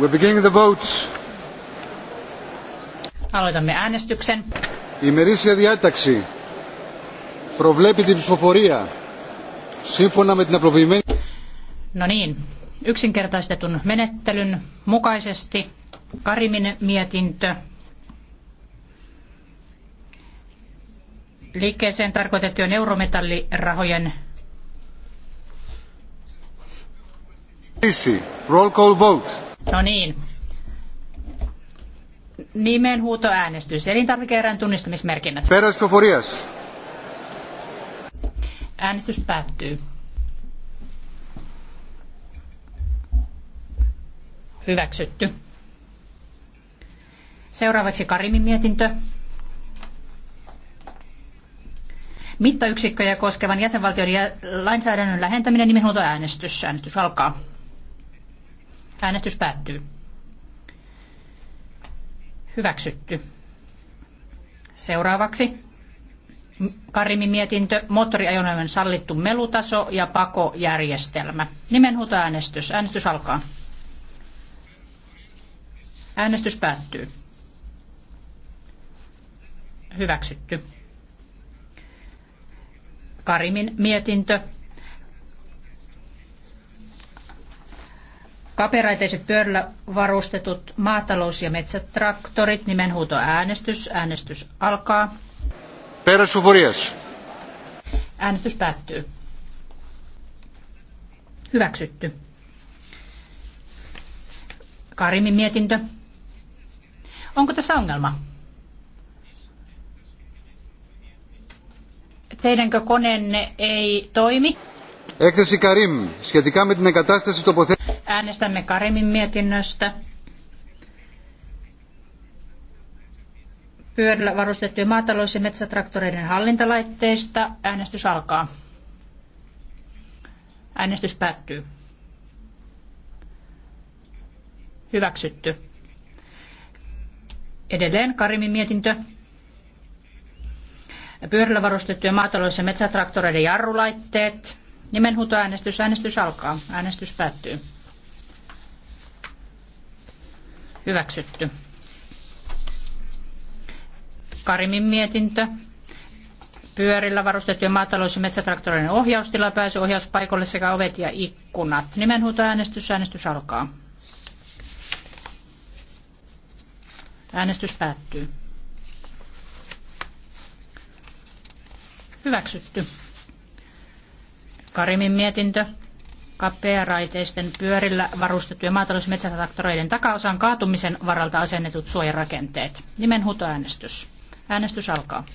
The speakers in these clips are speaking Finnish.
We're beginning the votes. Aloitamme äänestyksen. Η ημερήσια διάταξη προβλέπει την ψηφοφορία σύμφωνα με την απλοποιημένη... No niin, yksinkertaistetun menettelyn mukaisesti Karimin mietintö liikkeeseen tarkoitettujen eurometallirahojen Roll call vote. No niin. Nimen huutoäänestys. Elintarvikeerän tunnistamismerkinnät. Peräsoforias. Äänestys päättyy. Hyväksytty. Seuraavaksi Karimin mietintö. Mittayksikköjä koskevan jäsenvaltion lainsäädännön lähentäminen nimenhuoltoäänestys. Äänestys alkaa. Äänestys päättyy. Hyväksytty. Seuraavaksi Karimin mietintö, moottoriajoneuvon sallittu melutaso ja pakojärjestelmä. Nimenhuutoäänestys. Äänestys alkaa. Äänestys päättyy. Hyväksytty. Karimin mietintö, Kaperaiteiset pyörillä varustetut maatalous- ja metsätraktorit, nimenhuuto äänestys. Äänestys alkaa. Peräsufurias. Äänestys päättyy. Hyväksytty. Karimin mietintö. Onko tässä ongelma? Teidänkö koneenne ei toimi? Έκθεση Karim, σχετικά με την εγκατάσταση τοποθέτηση. Äänestämme Karimin mietinnöstä. Pyörillä varustettujen maatalous- ja metsätraktoreiden hallintalaitteista. Äänestys alkaa. Äänestys päättyy. Hyväksytty. Edelleen Karimin mietintö. Pyörillä varustettujen maatalous- ja metsätraktoreiden jarrulaitteet. Nimenhuutoäänestys. Äänestys alkaa. Äänestys päättyy hyväksytty. Karimin mietintö. Pyörillä varustettujen maatalous- ja metsätraktoreiden ohjaustila, pääsy ohjauspaikoille sekä ovet ja ikkunat. Nimenhuutoäänestys, äänestys alkaa. Äänestys päättyy. Hyväksytty. Karimin mietintö kapearaiteisten pyörillä varustettujen maatalousmetsätraktoreiden takaosan kaatumisen varalta asennetut suojarakenteet. Nimenhuutoäänestys. Äänestys alkaa.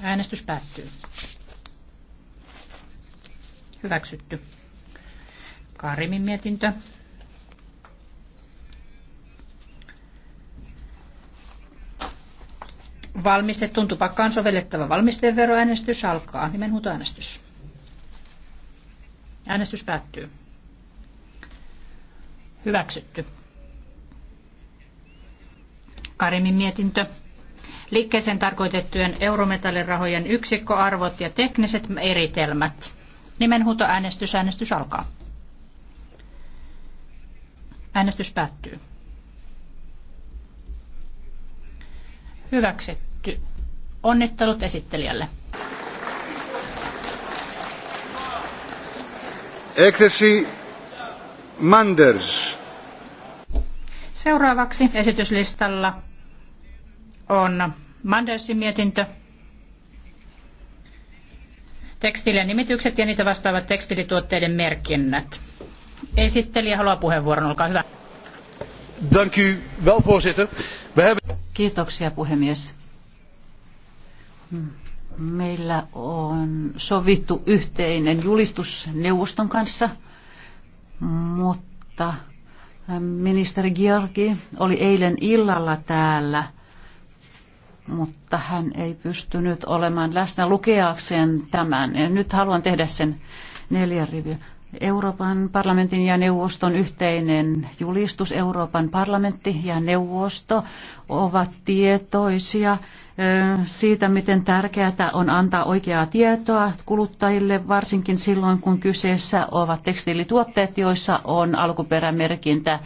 Äänestys päättyy. Hyväksytty. Karimin mietintö. Valmistettuun tupakkaan sovellettava valmisteveroäänestys alkaa. Nimenhuutoäänestys. Äänestys päättyy. Hyväksytty. Karimin mietintö. Liikkeeseen tarkoitettujen eurometallirahojen yksikköarvot ja tekniset eritelmät. Nimenhuutoäänestys. Äänestys alkaa. Äänestys päättyy. Hyväksytty. Onnittelut esittelijälle. Έκθεση Manders. Seuraavaksi esityslistalla on Mandersin mietintö. ja nimitykset ja niitä vastaavat tekstilituotteiden merkinnät. Esittelijä haluaa puheenvuoron, olkaa hyvä. Dank u wel, voorzitter. We hebben... Kiitoksia, puhemies. Hmm Meillä on sovittu yhteinen julistus neuvoston kanssa, mutta ähm, ministeri Georgi oli eilen illalla täällä, mutta hän ei pystynyt olemaan läsnä lukeakseen tämän. Ja nyt haluan tehdä sen neljän rivin. Euroopan parlamentin ja neuvoston yhteinen julistus. Euroopan parlamentti ja neuvosto ovat tietoisia siitä, miten tärkeää on antaa oikeaa tietoa kuluttajille, varsinkin silloin, kun kyseessä ovat tekstiilituotteet, joissa on alkuperämerkintä.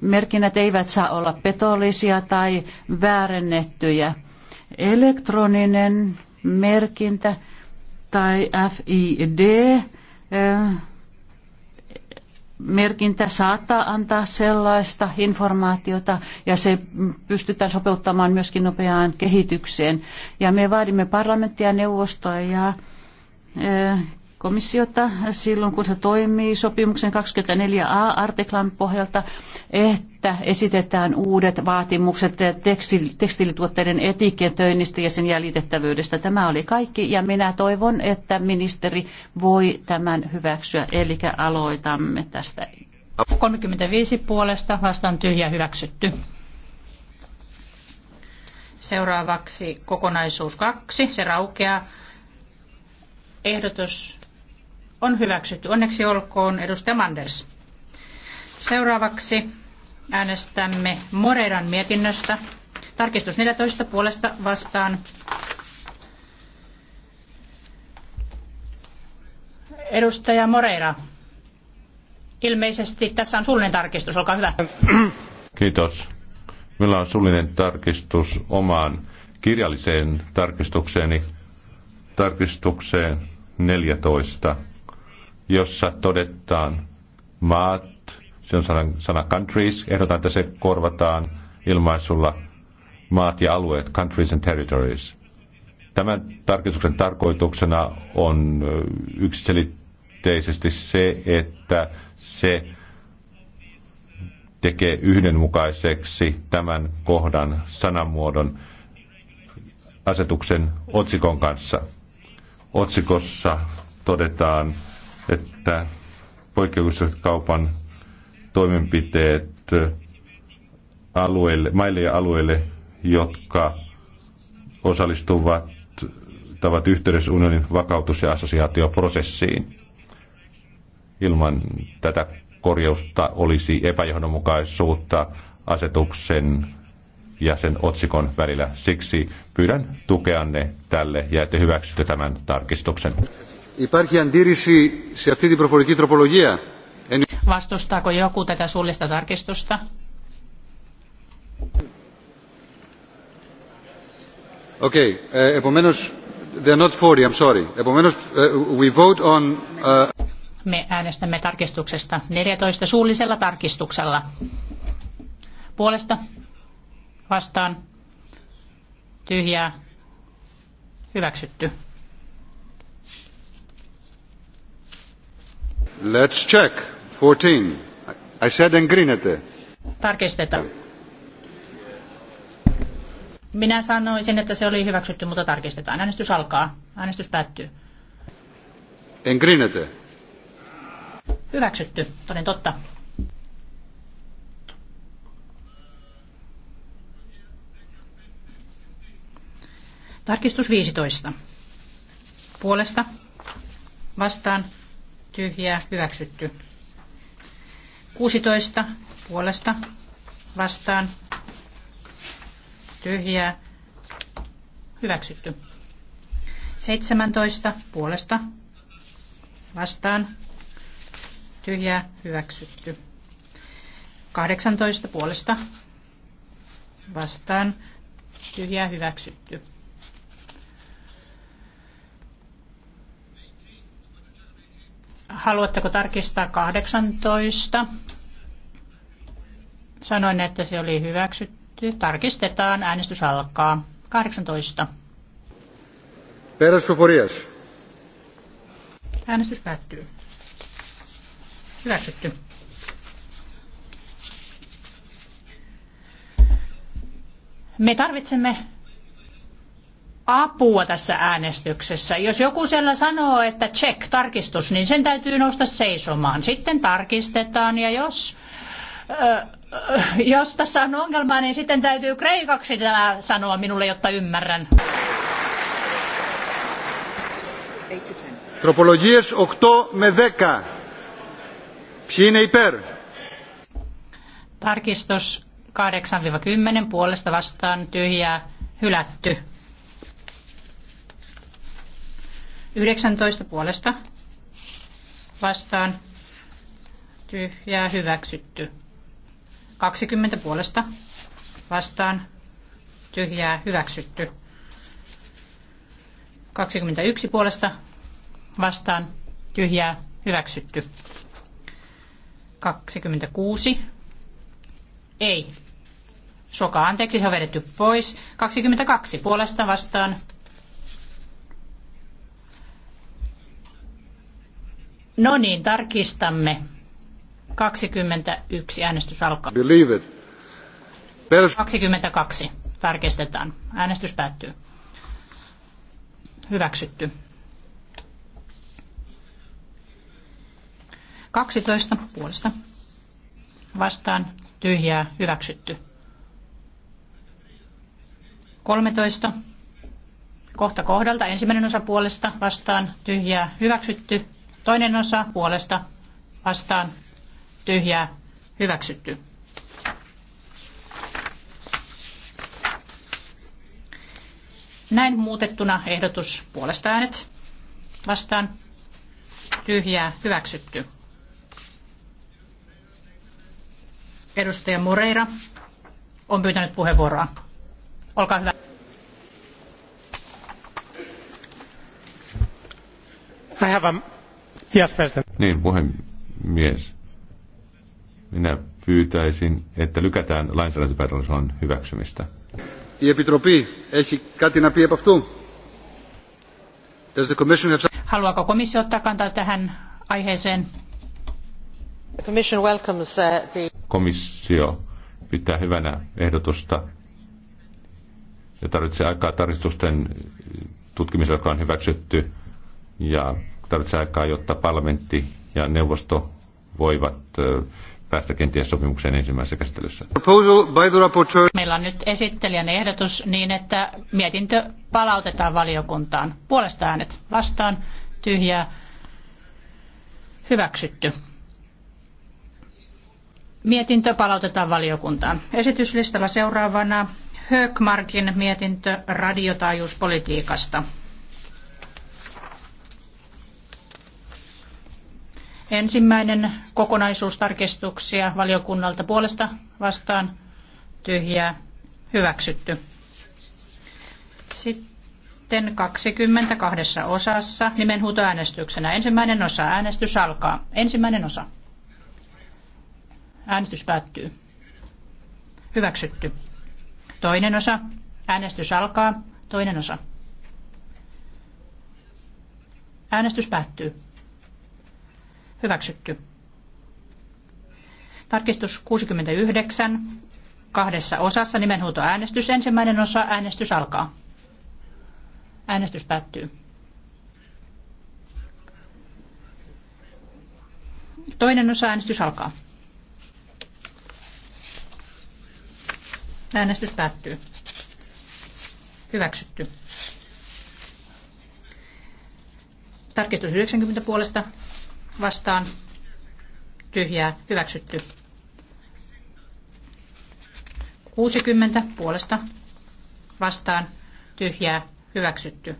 Merkinnät eivät saa olla petollisia tai väärennettyjä. Elektroninen merkintä tai FID merkintä saattaa antaa sellaista informaatiota ja se pystytään sopeuttamaan myöskin nopeaan kehitykseen. Ja me vaadimme parlamenttia, neuvostoa ja eh, komissiota silloin, kun se toimii sopimuksen 24a-artiklan pohjalta, että esitetään uudet vaatimukset tekstiilituotteiden etiketöinnistä ja sen jäljitettävyydestä. Tämä oli kaikki ja minä toivon, että ministeri voi tämän hyväksyä, eli aloitamme tästä. 35 puolesta vastaan tyhjä hyväksytty. Seuraavaksi kokonaisuus kaksi, se raukeaa. Ehdotus on hyväksytty. Onneksi olkoon edustaja Manders. Seuraavaksi äänestämme Moreiran mietinnöstä. Tarkistus 14 puolesta vastaan. Edustaja Moreira, ilmeisesti tässä on suullinen tarkistus, olkaa hyvä. Kiitos. Meillä on suullinen tarkistus omaan kirjalliseen tarkistukseeni, tarkistukseen 14 jossa todetaan maat, se on sana, sana countries, ehdotan, että se korvataan ilmaisulla maat ja alueet, countries and territories. Tämän tarkistuksen tarkoituksena on yksiselitteisesti se, että se tekee yhdenmukaiseksi tämän kohdan sanamuodon asetuksen otsikon kanssa. Otsikossa todetaan että poikkeukselliset kaupan toimenpiteet alueille, maille ja alueille, jotka osallistuvat tavat yhteydessä unionin vakautus- ja assosiaatioprosessiin. Ilman tätä korjausta olisi epäjohdonmukaisuutta asetuksen ja sen otsikon välillä. Siksi pyydän tukeanne tälle ja että hyväksytte tämän tarkistuksen. Vastustaako joku tätä suullista tarkistusta? Eh, they're not I'm sorry. Eh, we vote on... Eh, Me äänestämme tarkistuksesta 14 suullisella tarkistuksella. Puolesta, vastaan, tyhjää, hyväksytty. Let's check. 14. I said εγκρίνεται. Tarkistetaan. Minä sanoisin, että se oli hyväksytty, mutta tarkistetaan. Äänestys alkaa. Äänestys päättyy. Εγκρίνεται. Hyväksytty, toden totta. Tarkistus 15. Puolesta. Vastaan tyhjää, hyväksytty. 16 puolesta vastaan, tyhjää, hyväksytty. 17 puolesta vastaan, tyhjää, hyväksytty. 18 puolesta vastaan, tyhjää, hyväksytty. Haluatteko tarkistaa 18? Sanoin, että se oli hyväksytty. Tarkistetaan. Äänestys alkaa. 18. Peräsuforias. Äänestys päättyy. Hyväksytty. Me tarvitsemme apua tässä äänestyksessä. Jos joku siellä sanoo, että check, tarkistus, niin sen täytyy nousta seisomaan. Sitten tarkistetaan ja jos, ö, äh, äh, jos tässä on ongelma, niin sitten täytyy kreikaksi tämä sanoa minulle, jotta ymmärrän. Τροπολογίες 8 με 10. Ποιοι είναι υπέρ. Tarkistus 8-10 puolesta vastaan tyhjää hylätty. 19 puolesta vastaan tyhjää hyväksytty. 20 puolesta vastaan tyhjää hyväksytty. 21 puolesta vastaan tyhjää hyväksytty. 26 ei. Soka anteeksi, se on vedetty pois. 22 puolesta vastaan No niin, tarkistamme. 21 äänestys alkaa. Believe it. 22 tarkistetaan. Äänestys päättyy. Hyväksytty. 12 puolesta. Vastaan tyhjää hyväksytty. 13. Kohta kohdalta ensimmäinen osa puolesta vastaan tyhjää hyväksytty. Toinen osa puolesta vastaan tyhjää hyväksytty. Näin muutettuna ehdotus puolesta äänet vastaan tyhjää hyväksytty. Edustaja Moreira on pyytänyt puheenvuoroa. Olkaa hyvä. I have a Yes, president. Niin, puhemies. Minä pyytäisin, että lykätään lainsäädäntöpäätöslauselman hyväksymistä. Η Επιτροπή έχει κάτι να πει από αυτού. Does the commission have... Haluaako komissio ottaa kantaa tähän aiheeseen? The commission welcomes, uh, the... Komissio pitää hyvänä ehdotusta ja tarvitsee aikaa tarkistusten tutkimiseen, joka on hyväksytty ja tarvitsee aikaa, jotta parlamentti ja neuvosto voivat päästä kenties sopimukseen ensimmäisessä käsittelyssä. Meillä on nyt esittelijän ehdotus niin, että mietintö palautetaan valiokuntaan. Puolesta äänet vastaan, tyhjää, hyväksytty. Mietintö palautetaan valiokuntaan. Esityslistalla seuraavana Höökmarkin mietintö radiotaajuuspolitiikasta. Ensimmäinen kokonaisuustarkistuksia valiokunnalta puolesta vastaan tyhjää hyväksytty. Sitten 22 osassa nimenhuutoäänestyksenä. Ensimmäinen osa. Äänestys alkaa. Ensimmäinen osa. Äänestys päättyy. Hyväksytty. Toinen osa. Äänestys alkaa. Toinen osa. Äänestys päättyy. Hyväksytty. Tarkistus 69 kahdessa osassa nimenhuutoäänestys. Ensimmäinen osa äänestys alkaa. Äänestys päättyy. Toinen osa äänestys alkaa. Äänestys päättyy. Hyväksytty. Tarkistus 90 puolesta vastaan tyhjää hyväksytty. 60 puolesta vastaan tyhjää hyväksytty.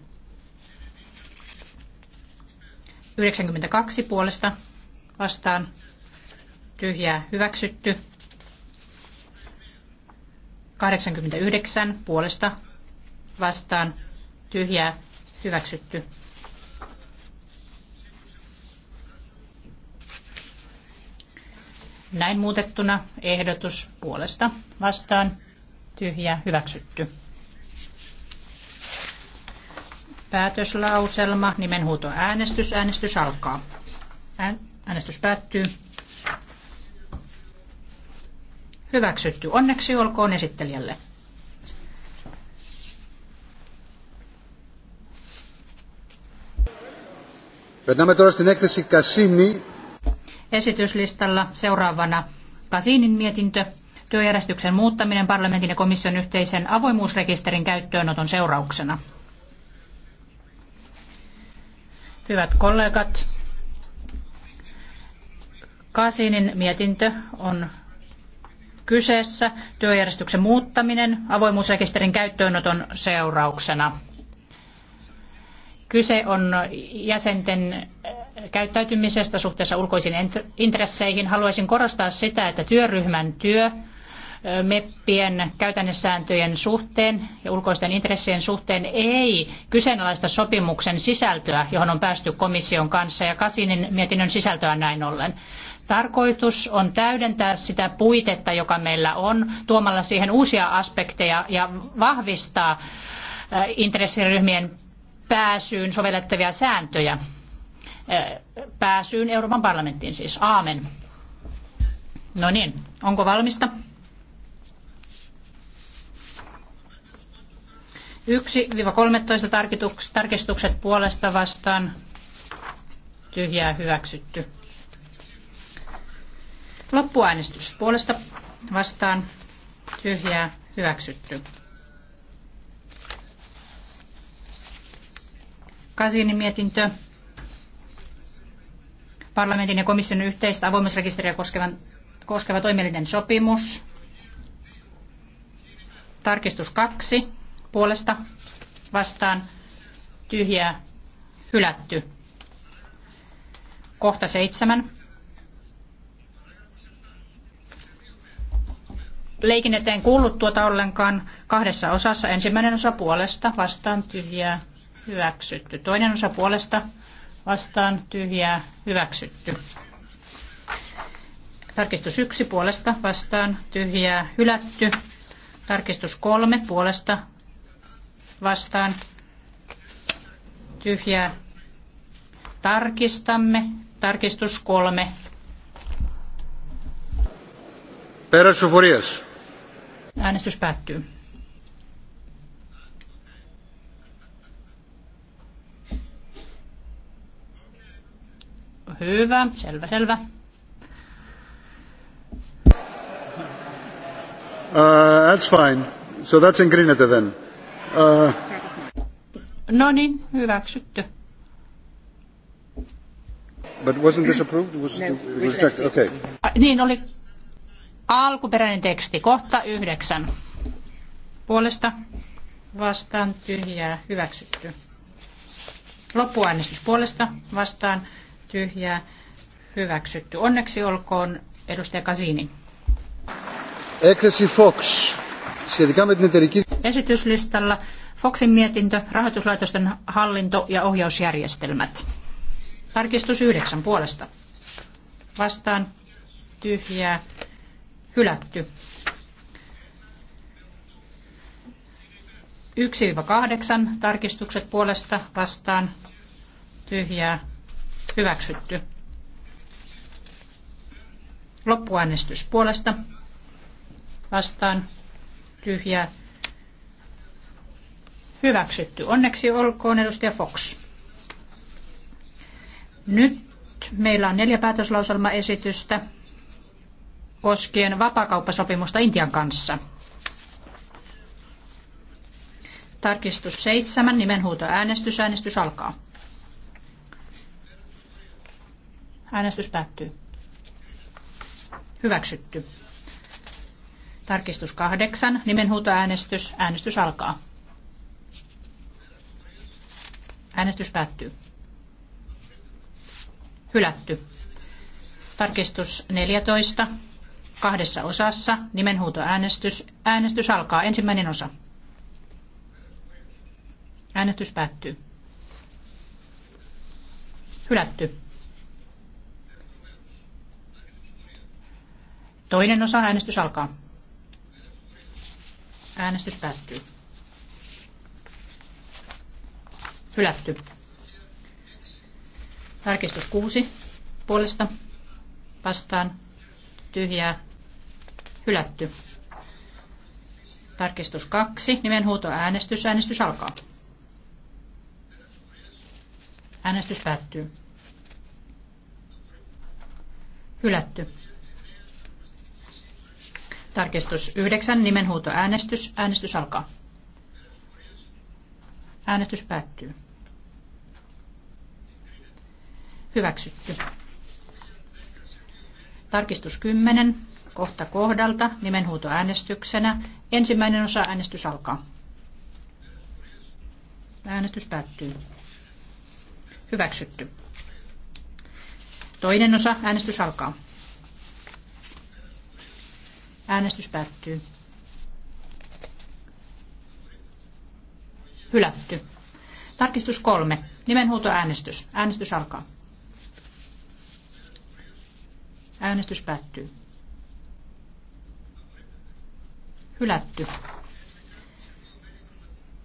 92 puolesta vastaan tyhjää hyväksytty. 89 puolesta vastaan tyhjää hyväksytty. Näin muutettuna ehdotus puolesta vastaan tyhjä hyväksytty. Päätöslauselma, nimenhuuto äänestys, äänestys alkaa. Äänestys päättyy. Hyväksytty. Onneksi olkoon esittelijälle. Περνάμε todellisesti στην sinni esityslistalla seuraavana Kasinin mietintö, työjärjestyksen muuttaminen parlamentin ja komission yhteisen avoimuusrekisterin käyttöönoton seurauksena. Hyvät kollegat, Kasinin mietintö on kyseessä työjärjestyksen muuttaminen avoimuusrekisterin käyttöönoton seurauksena. Kyse on jäsenten käyttäytymisestä suhteessa ulkoisiin intresseihin. Haluaisin korostaa sitä, että työryhmän työ meppien käytännössääntöjen suhteen ja ulkoisten intressien suhteen ei kyseenalaista sopimuksen sisältöä, johon on päästy komission kanssa ja Kasinin mietinnön sisältöä näin ollen. Tarkoitus on täydentää sitä puitetta, joka meillä on, tuomalla siihen uusia aspekteja ja vahvistaa intressiryhmien pääsyyn sovellettavia sääntöjä. Eh, pääsyyn Euroopan parlamenttiin siis. Aamen. No niin, onko valmista? Yksi viiva 13 tarkistukset puolesta vastaan. Tyhjää hyväksytty. Loppuäänestys puolesta vastaan. Tyhjää hyväksytty. Kasinin mietintö parlamentin ja komission yhteistä avoimuusrekisteriä koskevan, koskeva toimielinen sopimus. Tarkistus kaksi puolesta vastaan tyhjää hylätty. Kohta seitsemän. Leikin eteen kuullut tuota ollenkaan kahdessa osassa. Ensimmäinen osa puolesta vastaan tyhjää hyväksytty. Toinen osa puolesta vastaan tyhjää hyväksytty. Tarkistus 1 puolesta vastaan tyhjää hylätty. Tarkistus 3 puolesta vastaan tyhjää tarkistamme. Tarkistus 3. Peräsuforias. Äänestys päättyy. Hyvä, selvä, selvä. Uh, that's fine. So that's in green then. Uh... No niin, hyväksytty. But wasn't this approved? Was no, rejected? Okay. Ah, niin oli alkuperäinen teksti, kohta yhdeksän. Puolesta vastaan tyhjää hyväksytty. Loppuäänestys puolesta vastaan tyhjää hyväksytty. Onneksi olkoon edustaja Kasini. Έκθεση Fox. Esityslistalla Foxin mietintö, rahoituslaitosten hallinto ja ohjausjärjestelmät. Tarkistus yhdeksän puolesta. Vastaan tyhjää, hylätty. 1-8 tarkistukset puolesta vastaan tyhjää, Hyväksytty. Loppuäänestys puolesta. Vastaan. Tyhjää. Hyväksytty. Onneksi olkoon edustaja Fox. Nyt meillä on neljä päätöslauselmaesitystä koskien vapakauppasopimusta Intian kanssa. Tarkistus seitsemän, nimenhuuto äänestys. Äänestys alkaa. Äänestys päättyy. Hyväksytty. Tarkistus kahdeksan. Nimenhuutoäänestys. Äänestys alkaa. Äänestys päättyy. Hylätty. Tarkistus 14. Kahdessa osassa. Nimenhuutoäänestys. Äänestys alkaa. Ensimmäinen osa. Äänestys päättyy. Hylätty. Toinen osa äänestys alkaa. Äänestys päättyy. Hylätty. Tarkistus 6. Puolesta. Vastaan. Tyhjää. Hylätty. Tarkistus 2. Nimenhuuto äänestys. Äänestys alkaa. Äänestys päättyy. Hylätty. Tarkistus 9, nimenhuuto Äänestys äänestys alkaa. Äänestys päättyy. Hyväksytty. Tarkistus 10, kohta kohdalta, nimenhuuto äänestyksenä. Ensimmäinen osa äänestys alkaa. Äänestys päättyy. Hyväksytty. Toinen osa äänestys alkaa. Äänestys päättyy. Hylätty. Tarkistus kolme. Nimenhuutoäänestys. Äänestys alkaa. Äänestys päättyy. Hylätty.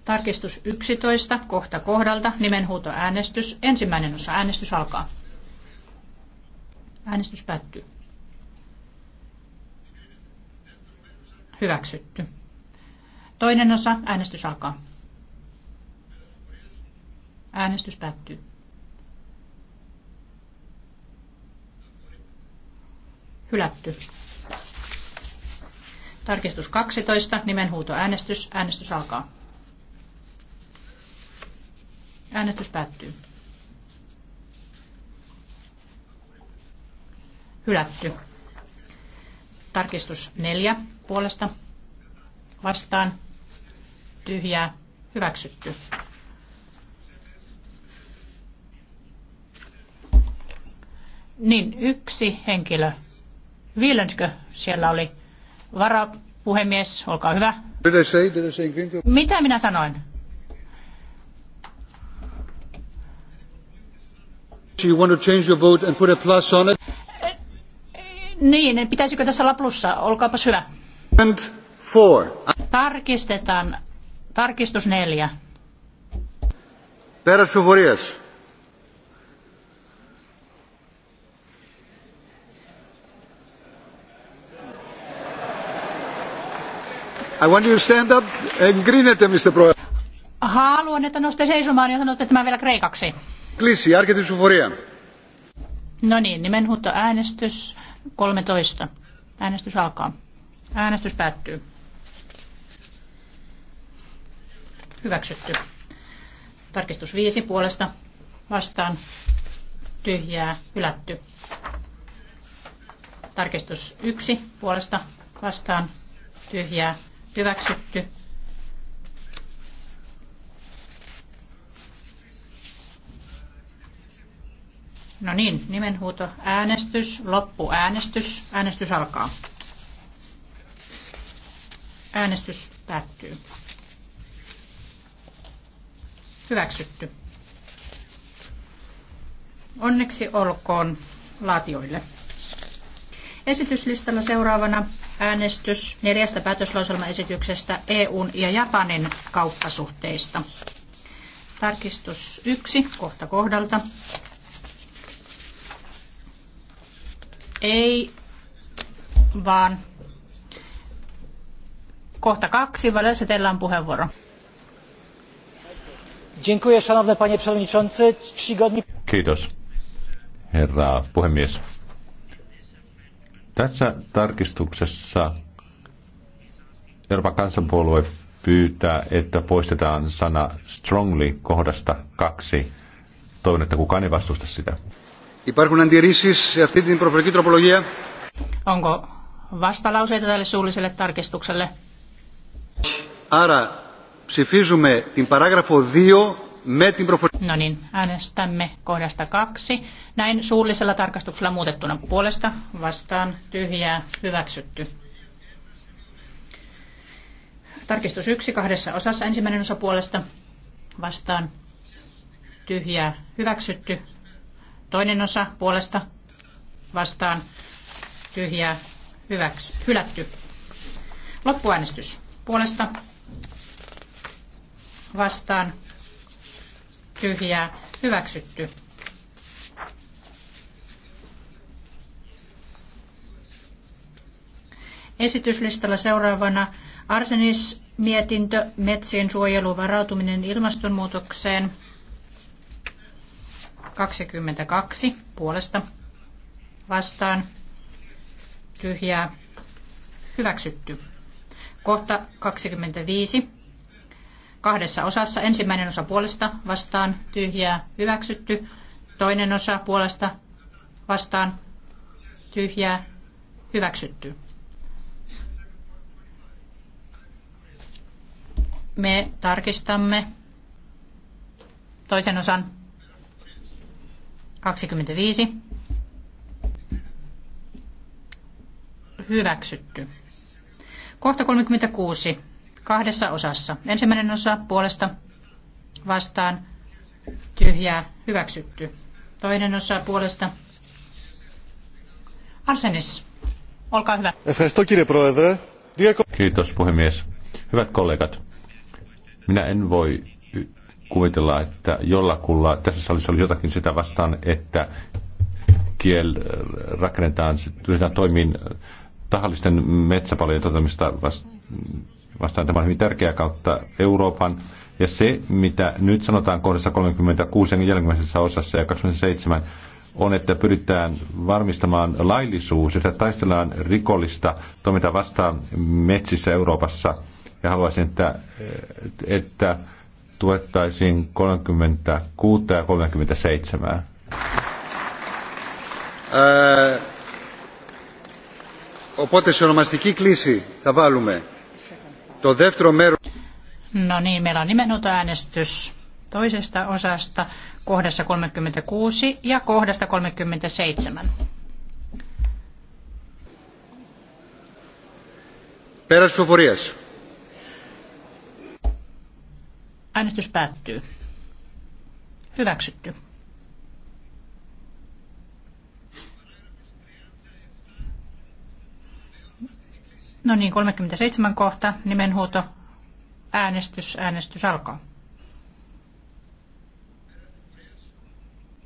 Tarkistus 11. Kohta kohdalta. Nimenhuutoäänestys. Ensimmäinen osa. Äänestys alkaa. Äänestys päättyy. hyväksytty. Toinen osa, äänestys alkaa. Äänestys päättyy. Hylätty. Tarkistus 12, äänestys. Äänestys alkaa. Äänestys päättyy. Hylätty. Tarkistus neljä puolesta vastaan tyhjää hyväksytty. Niin, yksi henkilö. Viilenskö siellä oli? Varapuhemies, olkaa hyvä. Mitä minä sanoin? You want to change your vote and put a plus on it? Niin, niin, pitäisikö tässä olla plussa? Olkaapas hyvä. And four. Tarkistetaan. Tarkistus neljä. Πέρα I want you to stand up and green it, Mr. Pro. Haluan, että noste seisomaan ja sanotte tämän vielä kreikaksi. Κλείσει, άρχεται η No niin, nimenhuuto äänestys 13. Äänestys alkaa. Äänestys päättyy. Hyväksytty. Tarkistus 5 puolesta vastaan tyhjää hylätty. Tarkistus 1 puolesta vastaan tyhjää hyväksytty. No niin, nimenhuuto, äänestys, loppu, äänestys, äänestys alkaa. Äänestys päättyy. Hyväksytty. Onneksi olkoon laatioille. Esityslistalla seuraavana äänestys neljästä päätöslauselmaesityksestä EUn ja Japanin kauppasuhteista. Tarkistus yksi kohta kohdalta. Ei, vaan kohta kaksi. vaan teillä on puheenvuoro. Kiitos, herra puhemies. Tässä tarkistuksessa Euroopan kansanpuolue pyytää, että poistetaan sana strongly kohdasta kaksi. Toivon, että kukaan ei vastusta sitä. Υπάρχουν αντιρρήσεις σε αυτή την προφορική τροπολογία. Onko vastalauseita tälle suulliselle tarkistukselle? Άρα ψηφίζουμε την παράγραφο 2 με την προφορική... No niin, äänestämme kohdasta 2. Näin suullisella tarkastuksella muutettuna puolesta vastaan tyhjää hyväksytty. Tarkistus 1 kahdessa osassa ensimmäinen osa puolesta vastaan tyhjää hyväksytty. Toinen osa puolesta vastaan tyhjää hyväksy, hylätty. Loppuäänestys puolesta vastaan tyhjää hyväksytty. Esityslistalla seuraavana arsenismietintö, mietintö metsien suojelu varautuminen ilmastonmuutokseen. 22 puolesta vastaan tyhjää hyväksytty. Kohta 25 kahdessa osassa. Ensimmäinen osa puolesta vastaan tyhjää hyväksytty. Toinen osa puolesta vastaan tyhjää hyväksytty. Me tarkistamme toisen osan 25. Hyväksytty. Kohta 36. Kahdessa osassa. Ensimmäinen osa puolesta vastaan tyhjää hyväksytty. Toinen osa puolesta. Arsenis, olkaa hyvä. Kiitos puhemies. Hyvät kollegat, minä en voi kuvitella, että jollakulla tässä salissa oli jotakin sitä vastaan, että kiel äh, rakennetaan, ryhdytään toimiin tahallisten metsäpalojen toteutumista vastaan. Tämä on hyvin tärkeää kautta Euroopan. Ja se, mitä nyt sanotaan kohdassa 36 ja 40 osassa ja 27, on, että pyritään varmistamaan laillisuus, että taistellaan rikollista toimintaa vastaan metsissä Euroopassa. Ja haluaisin, että, että tuettaisiin 36 ja 37. Ε, οπότε σε ονομαστική κλίση θα βάλουμε το δεύτερο No niin, meillä on nimenhuuto äänestys toisesta osasta kohdassa 36 ja kohdasta 37. Πέρας ψηφοφορίας. Äänestys päättyy. Hyväksytty. No niin, 37 kohta, nimenhuuto, äänestys, äänestys alkaa.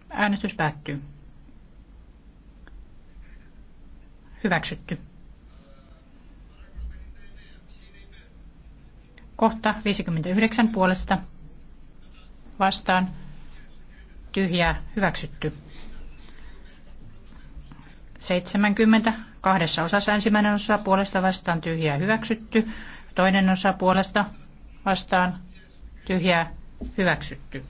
Äänestys päättyy. Hyväksytty. Kohta 59 puolesta vastaan tyhjää hyväksytty. 70 kahdessa osassa ensimmäinen osa puolesta vastaan tyhjää hyväksytty, toinen osa puolesta vastaan tyhjää hyväksytty.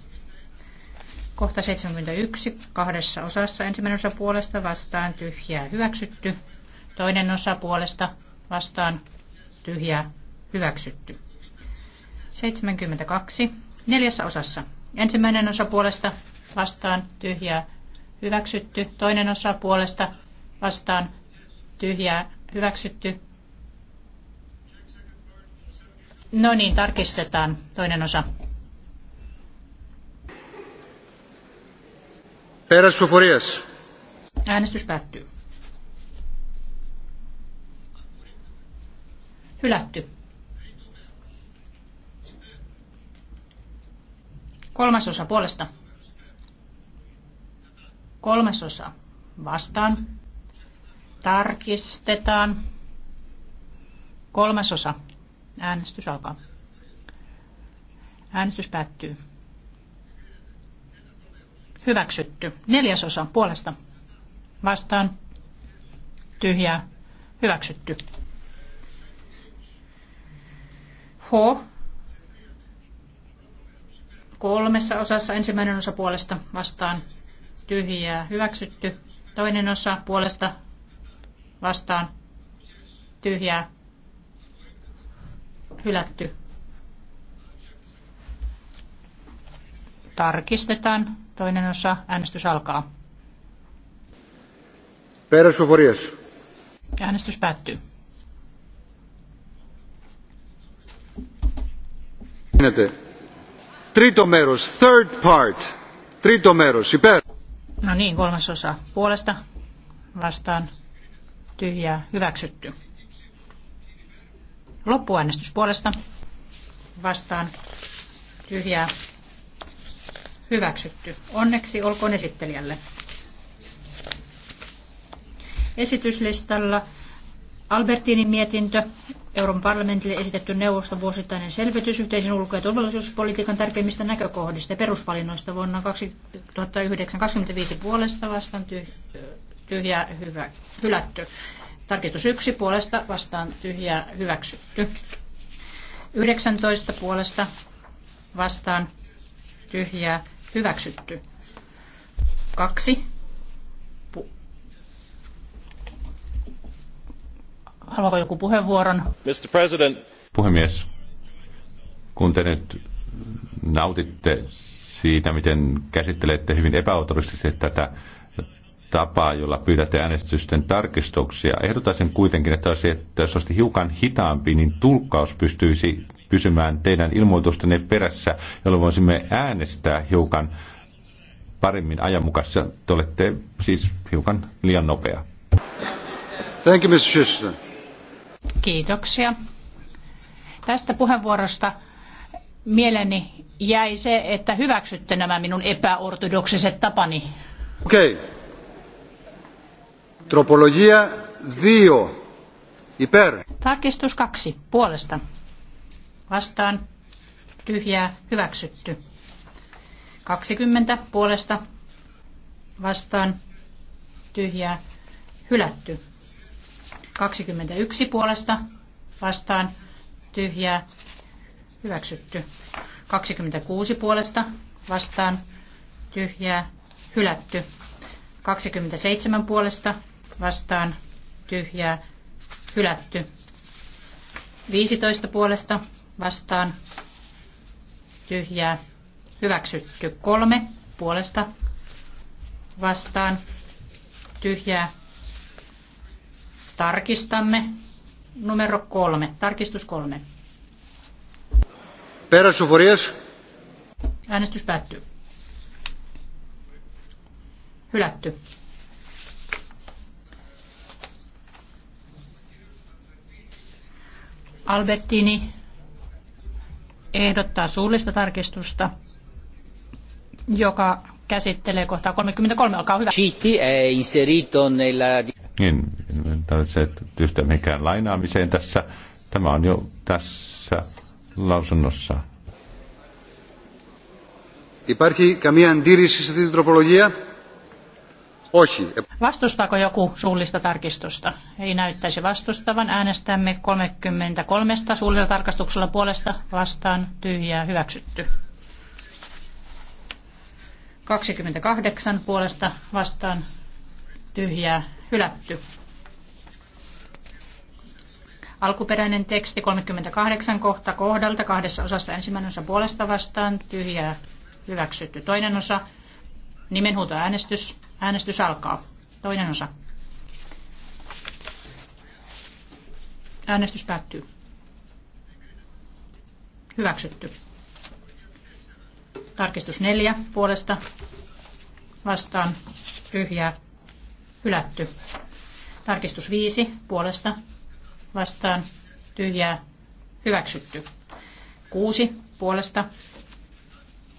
Kohta 71 kahdessa osassa ensimmäinen osa puolesta vastaan tyhjää hyväksytty, toinen osa puolesta vastaan tyhjää hyväksytty. 72. Neljässä osassa. Ensimmäinen osa puolesta vastaan tyhjää hyväksytty. Toinen osa puolesta vastaan tyhjää hyväksytty. No niin, tarkistetaan toinen osa. Peräsuforias. Äänestys päättyy. Hylätty. Kolmasosa puolesta. Kolmasosa vastaan. Tarkistetaan. Kolmasosa. Äänestys alkaa. Äänestys päättyy. Hyväksytty. Neljäsosa puolesta. Vastaan. Tyhjää. Hyväksytty. H kolmessa osassa. Ensimmäinen osa puolesta vastaan tyhjää hyväksytty. Toinen osa puolesta vastaan tyhjää hylätty. Tarkistetaan. Toinen osa. Äänestys alkaa. Peräsuforjes. Äänestys päättyy. teen. Τρίτο μέρος, third part. Τρίτο μέρος, υπέρ. No niin, kolmasosa puolesta vastaan tyhjää hyväksytty. Loppuäänestys puolesta vastaan tyhjää hyväksytty. Onneksi olkoon esittelijälle. Esityslistalla Albertinin mietintö Euroopan parlamentille esitetty neuvoston vuosittainen selvitys yhteisen ulko- ja turvallisuuspolitiikan tärkeimmistä näkökohdista ja perusvalinnoista vuonna 2009 2025 puolesta vastaan tyhjää hyvä, hylätty. Tarkistus yksi puolesta vastaan tyhjää hyväksytty. 19 puolesta vastaan tyhjää hyväksytty. kaksi Haluaako joku puheenvuoron? Mr. President. Puhemies, kun te nyt nautitte siitä, miten käsittelette hyvin epäautoristisesti tätä tapaa, jolla pyydätte äänestysten tarkistuksia. Ehdotaisin kuitenkin, että, olisi, että jos olisi hiukan hitaampi, niin tulkkaus pystyisi pysymään teidän ilmoitustenne perässä, jolloin voisimme äänestää hiukan paremmin ajanmukaisesti. Te olette siis hiukan liian nopea. Thank you, Mr. Schuster. Kiitoksia. Tästä puheenvuorosta mieleni jäi se, että hyväksytte nämä minun epäortodoksiset tapani. Okei. Okay. Tropologia 2. Iper. Tarkistus 2. Puolesta. Vastaan. Tyhjää. Hyväksytty. 20. Puolesta. Vastaan. Tyhjää. Hylätty. 21 puolesta vastaan tyhjää hyväksytty. 26 puolesta vastaan tyhjää hylätty. 27 puolesta vastaan tyhjää hylätty. 15 puolesta vastaan tyhjää hyväksytty. 3 puolesta vastaan tyhjää Tarkistamme. Numero kolme. Tarkistus kolme. Peräsufuries. Äänestys päättyy. Hylätty. Albertini ehdottaa suullista tarkistusta, joka käsittelee kohtaa 33. Olkaa hyvä. Citi è inserito nella... Niin, en tarvitse yhtä mikään lainaamiseen tässä. Tämä on jo tässä lausunnossa. Υπάρχει καμία αντίρρηση σε αυτή την τροπολογία? Όχι. Vastustaako joku suullista tarkistusta? Ei näyttäisi vastustavan. Äänestämme 33 suullisella tarkastuksella puolesta vastaan tyhjää hyväksytty. 28 puolesta vastaan tyhjää hylätty. Alkuperäinen teksti 38 kohta kohdalta kahdessa osassa ensimmäinen osa puolesta vastaan tyhjää hyväksytty. Toinen osa nimenhuutoäänestys. Äänestys alkaa. Toinen osa. Äänestys päättyy. Hyväksytty. Tarkistus neljä puolesta vastaan tyhjää Hylätty. Tarkistus 5 puolesta vastaan tyhjää hyväksytty. 6 puolesta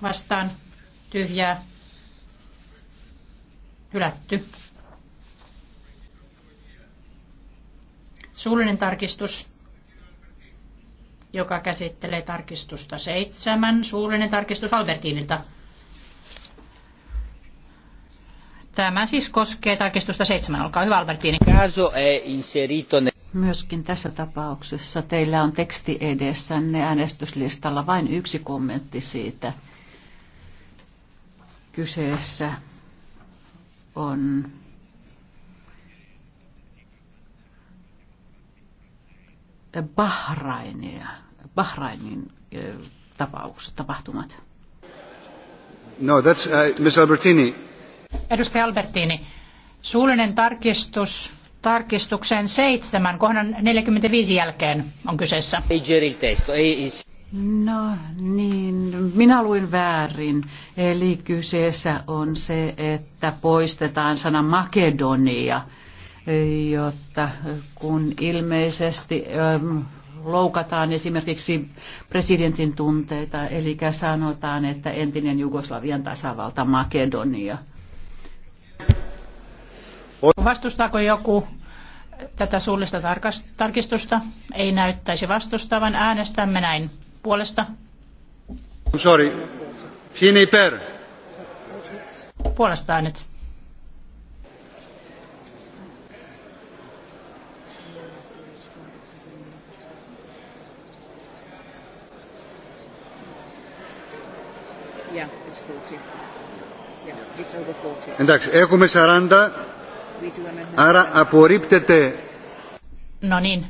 vastaan tyhjää hylätty. Suullinen tarkistus, joka käsittelee tarkistusta 7. Suullinen tarkistus Albertinilta. Tämä siis koskee tarkistusta Olkaa hyvä, Albertini. Caso è inserito ne... Myöskin tässä tapauksessa teillä on teksti edessänne äänestyslistalla vain yksi kommentti siitä. Kyseessä on Bahrainia, Bahrainin tapaus, tapahtumat. No, that's uh, Miss Albertini. Edustaja Albertini, suullinen tarkistus tarkistuksen 7 kohdan 45 jälkeen on kyseessä. No niin, minä luin väärin. Eli kyseessä on se, että poistetaan sana Makedonia, jotta kun ilmeisesti ähm, loukataan esimerkiksi presidentin tunteita, eli sanotaan, että entinen Jugoslavian tasavalta Makedonia – Vastustaako joku tätä suullista tarkistusta? Ei näyttäisi vastustavan. Äänestämme näin puolesta. I'm sorry. fini per. Puolesta äänet. Yeah, it's 40. Yeah, it's over 40. Entäks, έχουμε Ara apuriptete. No niin,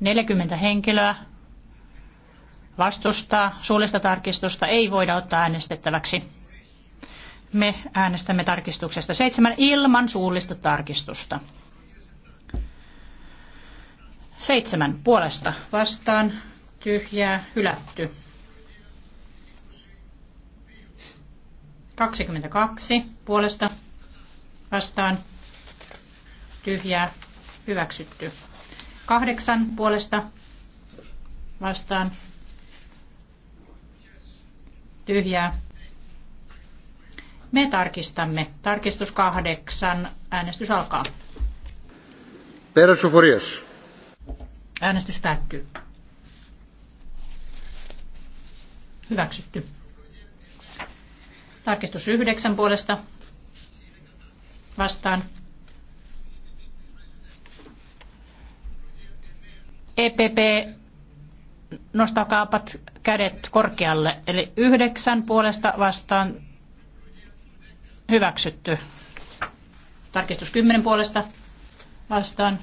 40 henkilöä vastustaa. Suullista tarkistusta ei voida ottaa äänestettäväksi. Me äänestämme tarkistuksesta seitsemän ilman suullista tarkistusta. Seitsemän puolesta vastaan tyhjää hylätty. 22 puolesta vastaan tyhjää hyväksytty. Kahdeksan puolesta vastaan tyhjää. Me tarkistamme. Tarkistus kahdeksan. Äänestys alkaa. Perusuforias. Äänestys päättyy. Hyväksytty. Tarkistus yhdeksän puolesta. Vastaan. EPP, nostakaapat kädet korkealle. Eli yhdeksän puolesta vastaan hyväksytty. Tarkistus kymmenen puolesta vastaan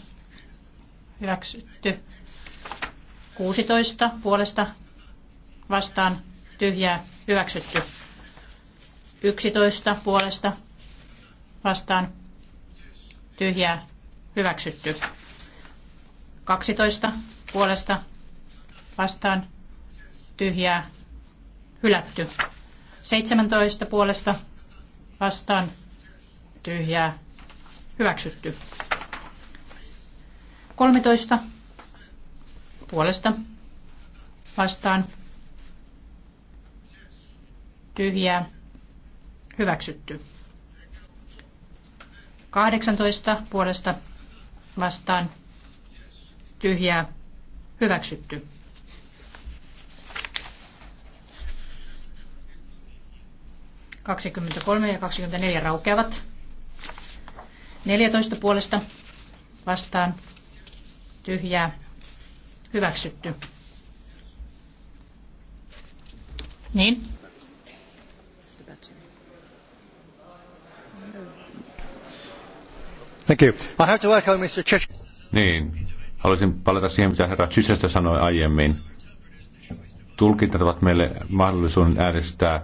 hyväksytty. 16 puolesta vastaan tyhjää hyväksytty. 11 puolesta vastaan tyhjää hyväksytty. 12 puolesta vastaan tyhjää hylätty. 17 puolesta vastaan tyhjää hyväksytty. 13 puolesta vastaan tyhjää hyväksytty. 18 puolesta vastaan tyhjää hyväksytty. kolme ja neljä raukeavat. 14 puolesta vastaan tyhjää hyväksytty. Niin. Thank you. I have to echo Mr. Chich- niin, Haluaisin palata siihen, mitä herra Chisestä sanoi aiemmin. Tulkintat ovat meille mahdollisuuden äänestää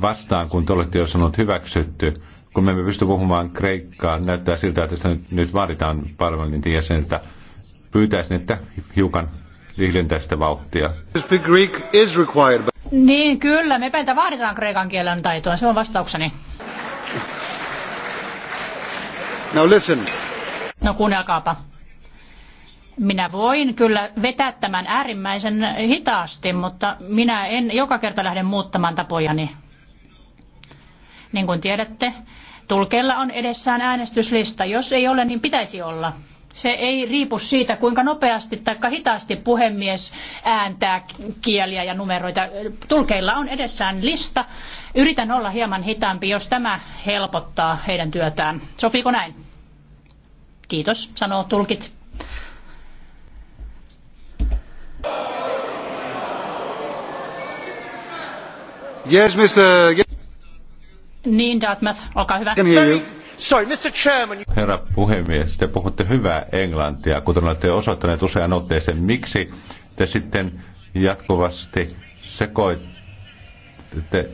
vastaan, kun te olette jo sanonut hyväksytty. Kun me emme pysty puhumaan kreikkaa, näyttää siltä, että sitä nyt, nyt vaaditaan parlamentin jäseniltä. Pyytäisin, että hiukan hiljentäisitte vauhtia. Niin, kyllä. Me meiltä vaaditaan kreikan kielen taitoa. Se on vastaukseni. Now listen. No kuunnelkaapa minä voin kyllä vetää tämän äärimmäisen hitaasti, mutta minä en joka kerta lähde muuttamaan tapojani. Niin kuin tiedätte, tulkeilla on edessään äänestyslista. Jos ei ole, niin pitäisi olla. Se ei riipu siitä, kuinka nopeasti tai hitaasti puhemies ääntää kieliä ja numeroita. Tulkeilla on edessään lista. Yritän olla hieman hitaampi, jos tämä helpottaa heidän työtään. Sopiiko näin? Kiitos, sanoo tulkit. Yes, Mr. Niin, Dartmouth, olkaa hyvä. Can hear you. Sorry, Mr. Chairman. Herra puhemies, te puhutte hyvää englantia, kuten olette osoittaneet usean otteeseen. Miksi te sitten jatkuvasti sekoitte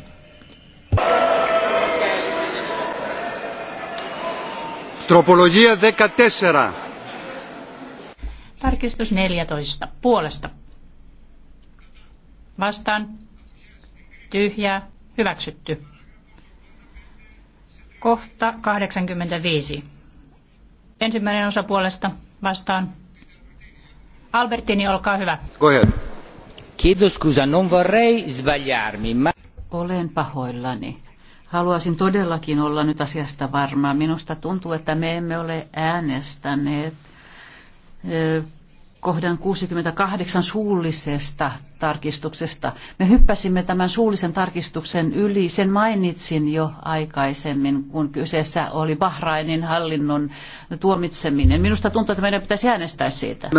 Tropologia 14. Tarkistus 14. Puolesta vastaan, tyhjää, hyväksytty. Kohta 85. Ensimmäinen osa puolesta vastaan. Albertini, olkaa hyvä. Go ahead. Chiedo scusa, non vorrei sbagliarmi, ma... Olen pahoillani. Haluaisin todellakin olla nyt asiasta varma. Minusta tuntuu, että me emme ole äänestäneet kohdan 68 suullisesta tarkistuksesta. Me hyppäsimme tämän suullisen tarkistuksen yli, sen mainitsin jo aikaisemmin, kun kyseessä oli Bahrainin hallinnon tuomitseminen. Minusta tuntuu, että meidän pitäisi äänestää siitä.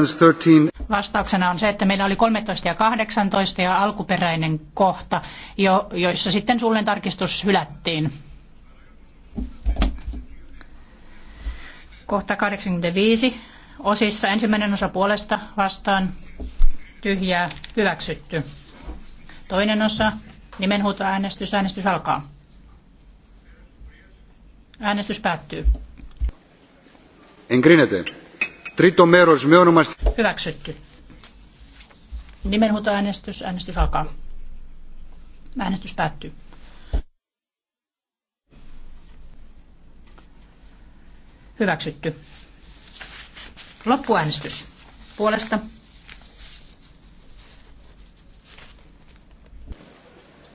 Vastauksena on se, että meillä oli 13 ja 18 ja alkuperäinen kohta, jo, joissa sitten suullinen tarkistus hylättiin. Kohta 85 osissa. Ensimmäinen osa puolesta vastaan tyhjää, hyväksytty. Toinen osa, nimenhuutoäänestys, äänestys alkaa. Äänestys päättyy. Engrinete. Trito meros με όνομα... Hyväksytty. Nimenhuutoäänestys, äänestys alkaa. Äänestys päättyy. Hyväksytty. Loppuäänestys. Puolesta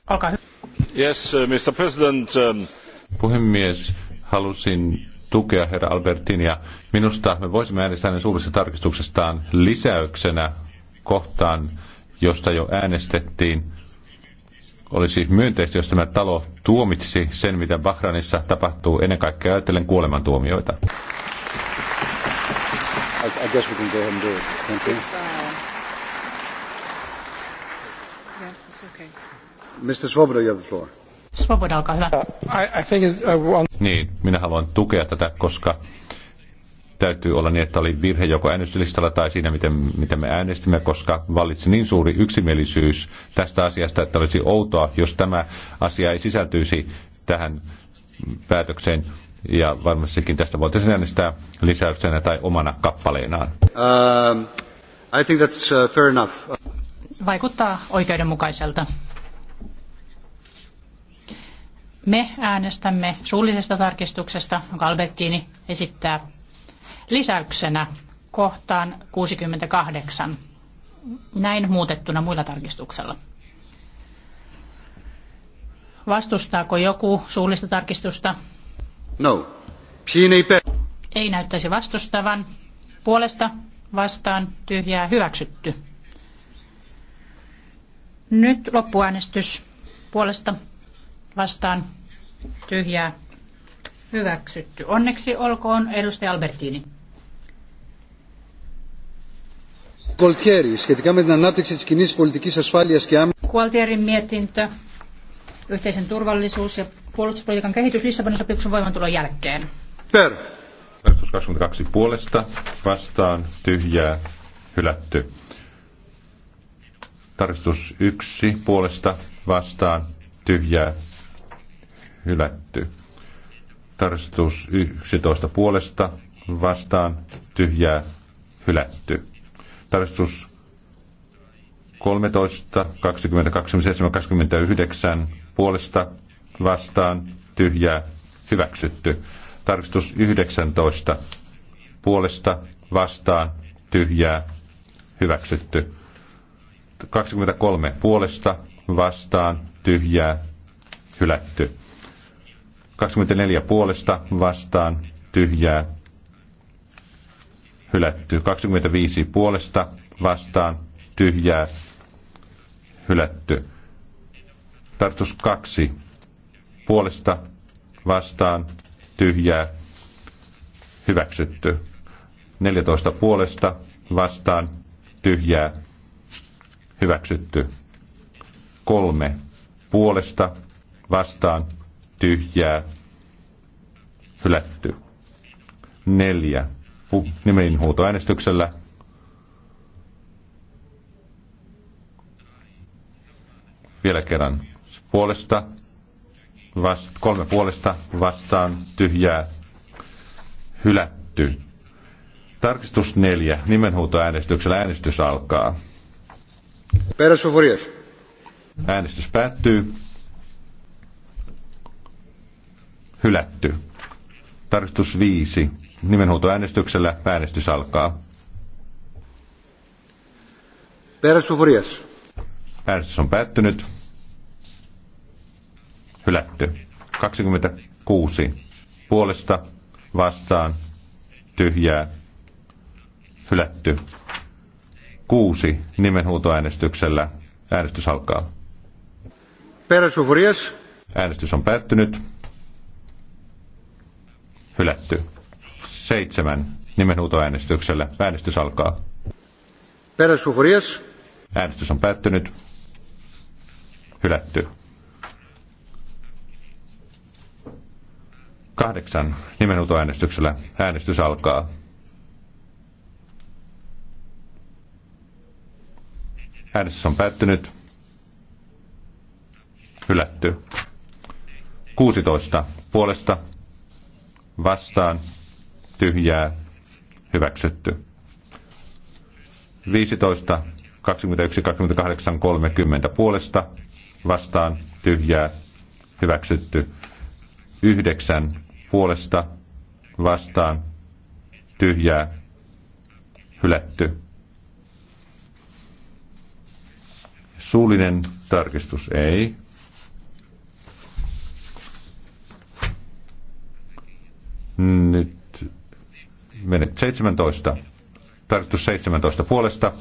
arvoisa uh, um, Puhemies, halusin tukea herra Albertinia. Minusta me voisimme äänestää hänen suurista tarkistuksestaan lisäyksenä kohtaan, josta jo äänestettiin. Olisi myönteistä, jos tämä talo tuomitsisi sen, mitä Bahrainissa tapahtuu, ennen kaikkea ajatellen kuolemantuomioita. I, I Mr. Svoboda, olkaa hyvä. Uh, I, think uh, Niin, minä haluan tukea tätä, koska täytyy olla niin, että oli virhe joko äänestyslistalla tai siinä, miten, miten me äänestimme, koska vallitsi niin suuri yksimielisyys tästä asiasta, että olisi outoa, jos tämä asia ei sisältyisi tähän päätökseen. Ja varmastikin tästä voitaisiin äänestää lisäyksenä tai omana kappaleenaan. Um, I think that's uh, fair enough. Vaikuttaa oikeudenmukaiselta. Me äänestämme suullisesta tarkistuksesta, jonka Albertini esittää lisäyksenä kohtaan 68, näin muutettuna muilla tarkistuksella. Vastustaako joku suullista tarkistusta? No. Ei näyttäisi vastustavan. Puolesta vastaan tyhjää hyväksytty. Nyt loppuäänestys puolesta vastaan tyhjää hyväksytty. Onneksi olkoon edustaja Albertini. Koltieri, σχετικά με την ανάπτυξη της κοινής πολιτικής Kualtierin mietintö, yhteisen turvallisuus- ja puolustuspolitiikan kehitys Lissabonin sopimuksen voimantulon jälkeen. Per. 22 puolesta vastaan tyhjää hylätty. Tarkistus 1 puolesta vastaan tyhjää hylätty. Tarkistus 11 puolesta vastaan tyhjää hylätty. Tarkistus 13, 22, 27, 29 puolesta vastaan tyhjää hyväksytty. Tarkistus 19 puolesta vastaan tyhjää hyväksytty. 23 puolesta vastaan tyhjää hylätty. 24 puolesta vastaan tyhjää hylätty. 25 puolesta vastaan tyhjää hylätty. Tartus 2 puolesta vastaan tyhjää hyväksytty. 14 puolesta vastaan tyhjää hyväksytty. 3 puolesta vastaan tyhjää, hylätty. Neljä. Nimen huutoäänestyksellä. Vielä kerran. Puolesta, vast, kolme puolesta vastaan tyhjää, hylätty. Tarkistus neljä. Nimenhuutoäänestyksellä äänestys alkaa. Äänestys päättyy. Hylätty. Tarkistus 5. Nimenhuutoäänestyksellä äänestys alkaa. Peräsufurias. Äänestys on päättynyt. Hylätty. 26. Puolesta vastaan tyhjää. Hylätty. 6. Nimenhuutoäänestyksellä äänestys alkaa. Peräsufurias. Äänestys on päättynyt hylätty. Seitsemän nimenhuutoäänestyksellä. Äänestys alkaa. Peräsufurias. Äänestys on päättynyt. Hylätty. Kahdeksan nimenhuutoäänestyksellä. Äänestys alkaa. Äänestys on päättynyt. Hylätty. 16 puolesta vastaan tyhjää hyväksytty. 15, 21, 28, 30 puolesta vastaan tyhjää hyväksytty. 9 puolesta vastaan tyhjää hylätty. Suullinen tarkistus ei. Nyt menet 17. Tarkoitus 17 puolesta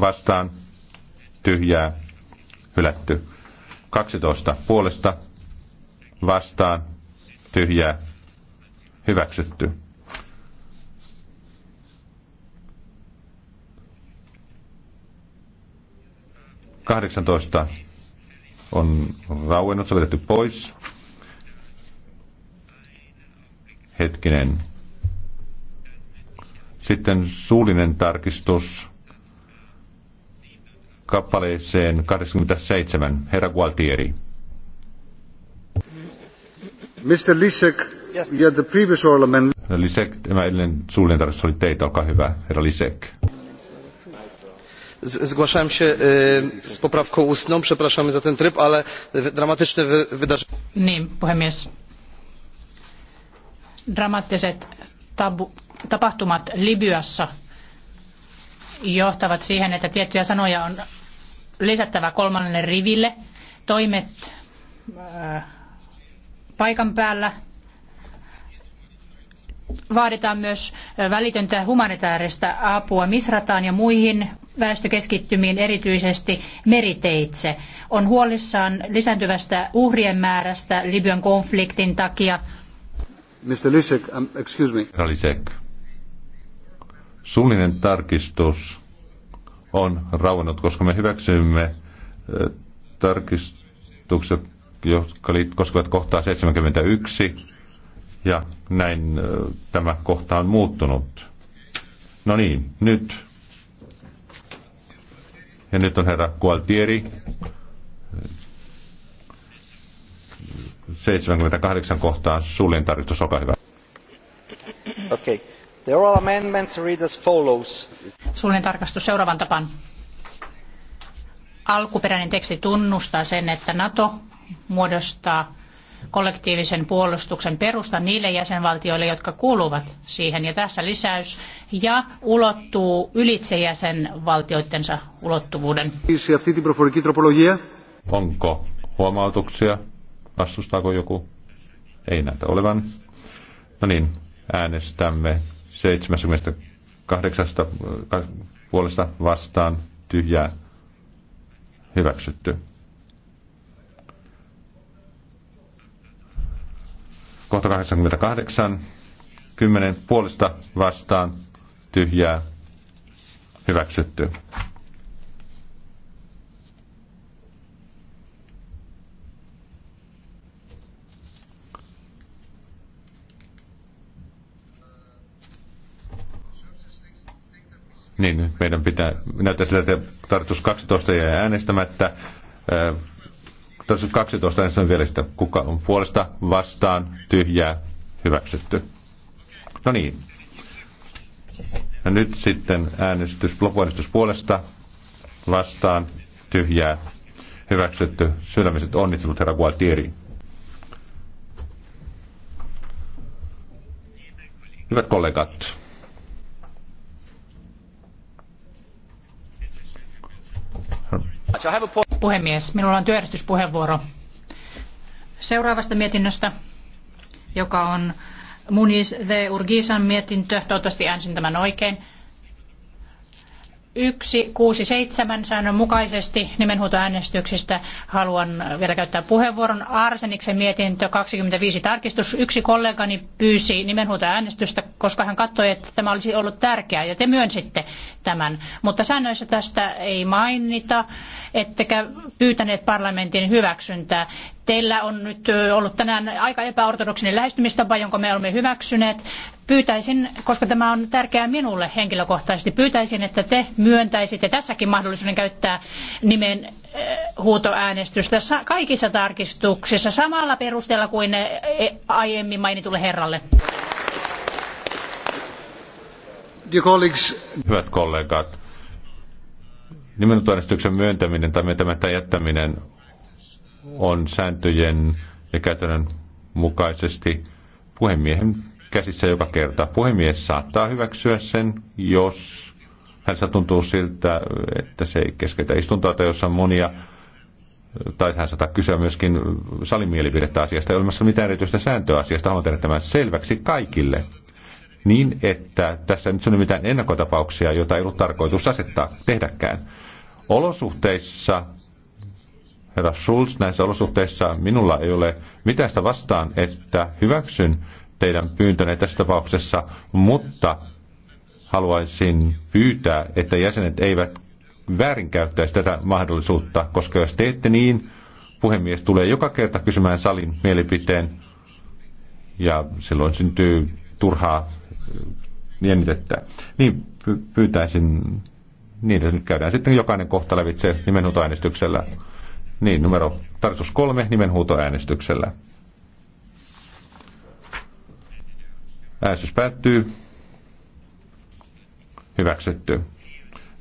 vastaan tyhjää hylätty. 12 puolesta vastaan tyhjää hyväksytty. Kahdeksantoista on rauennut, sovitettu pois. Hetkinen. Sitten suullinen tarkistus kappaleeseen 87. Herra Gualtieri. Mr. Lisek, yes. the previous orlamen. Lisek, tämä edellinen suullinen tarkistus oli teitä, olkaa hyvä, herra Lisek. Zgłaszałem się z poprawką ustną, przepraszamy za ten tryb, ale dramatyczne wydarzenie. Niin, puhemies Dramaattiset tabu, tapahtumat Libyassa johtavat siihen, että tiettyjä sanoja on lisättävä kolmannelle riville. Toimet äh, paikan päällä vaaditaan myös välitöntä humanitaarista apua Misrataan ja muihin väestökeskittymiin erityisesti meriteitse. On huolissaan lisääntyvästä uhrien määrästä Libyan konfliktin takia – Um, herra Lisek, suullinen tarkistus on rauennut, koska me hyväksymme äh, tarkistukset, jotka koskevat kohtaa 71, ja näin äh, tämä kohta on muuttunut. No niin, nyt. Ja nyt on herra Gualtieri 78 kohtaan suullinen tarkistus, olkaa hyvä. Okay. The oral amendments read as follows. Suullinen tarkastus seuraavan tapaan. Alkuperäinen teksti tunnustaa sen, että NATO muodostaa kollektiivisen puolustuksen perusta niille jäsenvaltioille, jotka kuuluvat siihen. Ja tässä lisäys ja ulottuu ylitse jäsenvaltioittensa ulottuvuuden. Onko huomautuksia? Vastustaako joku? Ei näytä olevan. No niin, äänestämme 78 äh, puolesta vastaan tyhjää hyväksytty. Kohta 88, 10 puolesta vastaan tyhjää hyväksytty. niin meidän pitää näyttää sillä, että tarkoitus 12 jää äänestämättä. Tarkoitus 12 äänestämme vielä sitä, kuka on puolesta, vastaan, tyhjää, hyväksytty. No niin. Ja nyt sitten äänestys, loppuäänestys puolesta, vastaan, tyhjää, hyväksytty. Sydämiset onnittelut, herra Gualtieri. Hyvät kollegat, Puhemies, minulla on työjärjestyspuheenvuoro seuraavasta mietinnöstä, joka on Munis de Urgisan mietintö. Toivottavasti äänsin tämän oikein. 167 säännön mukaisesti nimenhuutoäänestyksistä haluan vielä käyttää puheenvuoron. Arseniksen mietintö 25 tarkistus. Yksi kollegani pyysi nimenhuutoäänestystä, koska hän katsoi, että tämä olisi ollut tärkeää ja te myönsitte tämän. Mutta säännöissä tästä ei mainita, ettekä pyytäneet parlamentin hyväksyntää. Teillä on nyt ollut tänään aika epäortodoksinen lähestymistapa, jonka me olemme hyväksyneet. Pyytäisin, koska tämä on tärkeää minulle henkilökohtaisesti, pyytäisin, että te myöntäisitte tässäkin mahdollisuuden käyttää nimen huutoäänestystä kaikissa tarkistuksissa samalla perusteella kuin e, aiemmin mainitulle herralle. Hyvät kollegat, nimenhuutoäänestyksen myöntäminen tai myöntämättä jättäminen on sääntöjen ja käytännön mukaisesti puhemiehen käsissä joka kerta. Puhemies saattaa hyväksyä sen, jos hänestä tuntuu siltä, että se ei keskeytä istuntoa tai jossa on monia, tai hän saattaa kysyä myöskin salin mielipidettä asiasta. Ei olemassa mitään erityistä sääntöä asiasta, haluan tehdä tämän selväksi kaikille. Niin, että tässä nyt on mitään ennakkotapauksia, joita ei ollut tarkoitus asettaa, tehdäkään. Olosuhteissa, herra Schulz, näissä olosuhteissa minulla ei ole mitään sitä vastaan, että hyväksyn teidän pyyntöne tässä tapauksessa, mutta haluaisin pyytää, että jäsenet eivät väärinkäyttäisi tätä mahdollisuutta, koska jos teette niin, puhemies tulee joka kerta kysymään salin mielipiteen ja silloin syntyy turhaa äh, jännitettä. Niin pyytäisin, niin nyt käydään sitten jokainen kohta lävitse nimenhuutoäänestyksellä. Niin, numero tarkoitus kolme nimenhuutoäänestyksellä. Äänestys päättyy. Hyväksytty.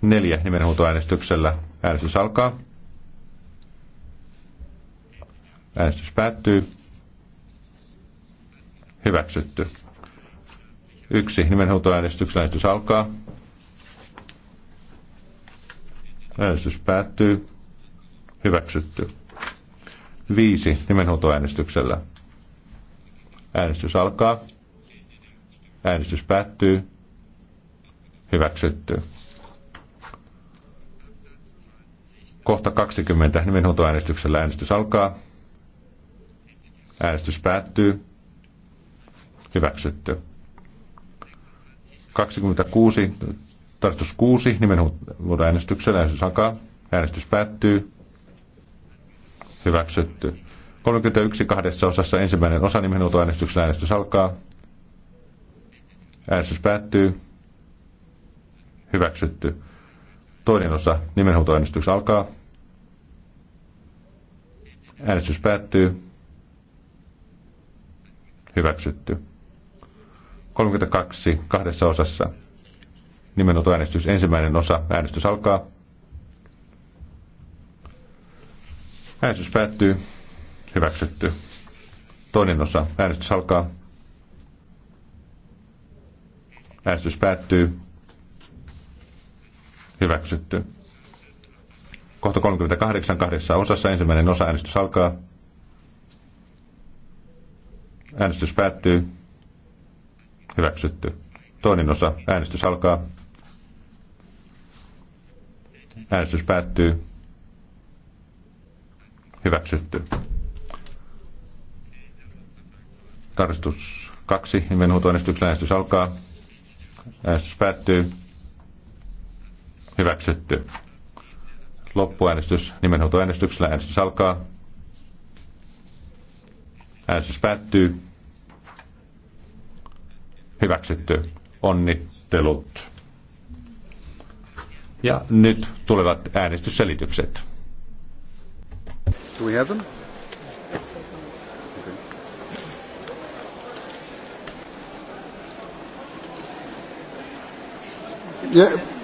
Neljä nimenhuutoäänestyksellä. Äänestys alkaa. Äänestys päättyy. Hyväksytty. Yksi nimenhuutoäänestyksellä. Äänestys alkaa. Äänestys päättyy. Hyväksytty. Viisi nimenhuutoäänestyksellä. Äänestys alkaa. Äänestys päättyy. Hyväksytty. Kohta 20 nimenhuutoäänestyksellä äänestys alkaa. Äänestys päättyy. Hyväksytty. 26, tarkistus 6, nimenhuutoäänestyksellä äänestys alkaa. Äänestys päättyy hyväksytty. 31 kahdessa osassa ensimmäinen osa nimenhuutoäänestyksen äänestys alkaa. Äänestys päättyy. Hyväksytty. Toinen osa nimenhuutoäänestys alkaa. Äänestys päättyy. Hyväksytty. 32 kahdessa osassa. Nimenhuutoäänestys ensimmäinen osa. Äänestys alkaa. Äänestys päättyy. Hyväksytty. Toinen osa. Äänestys alkaa. Äänestys päättyy. Hyväksytty. Kohta 38 kahdessa osassa. Ensimmäinen osa. Äänestys alkaa. Äänestys päättyy. Hyväksytty. Toinen osa. Äänestys alkaa. Äänestys päättyy. Hyväksytty. Tarkistus kaksi. Nimenhuutoäänestyksen äänestys alkaa. Äänestys päättyy. Hyväksytty. Loppuäänestys nimenhuutoäänestyksellä. Äänestys alkaa. Äänestys päättyy. Hyväksytty. Onnittelut. Ja nyt tulevat äänestysselitykset. Do we have them? Okay. Yeah.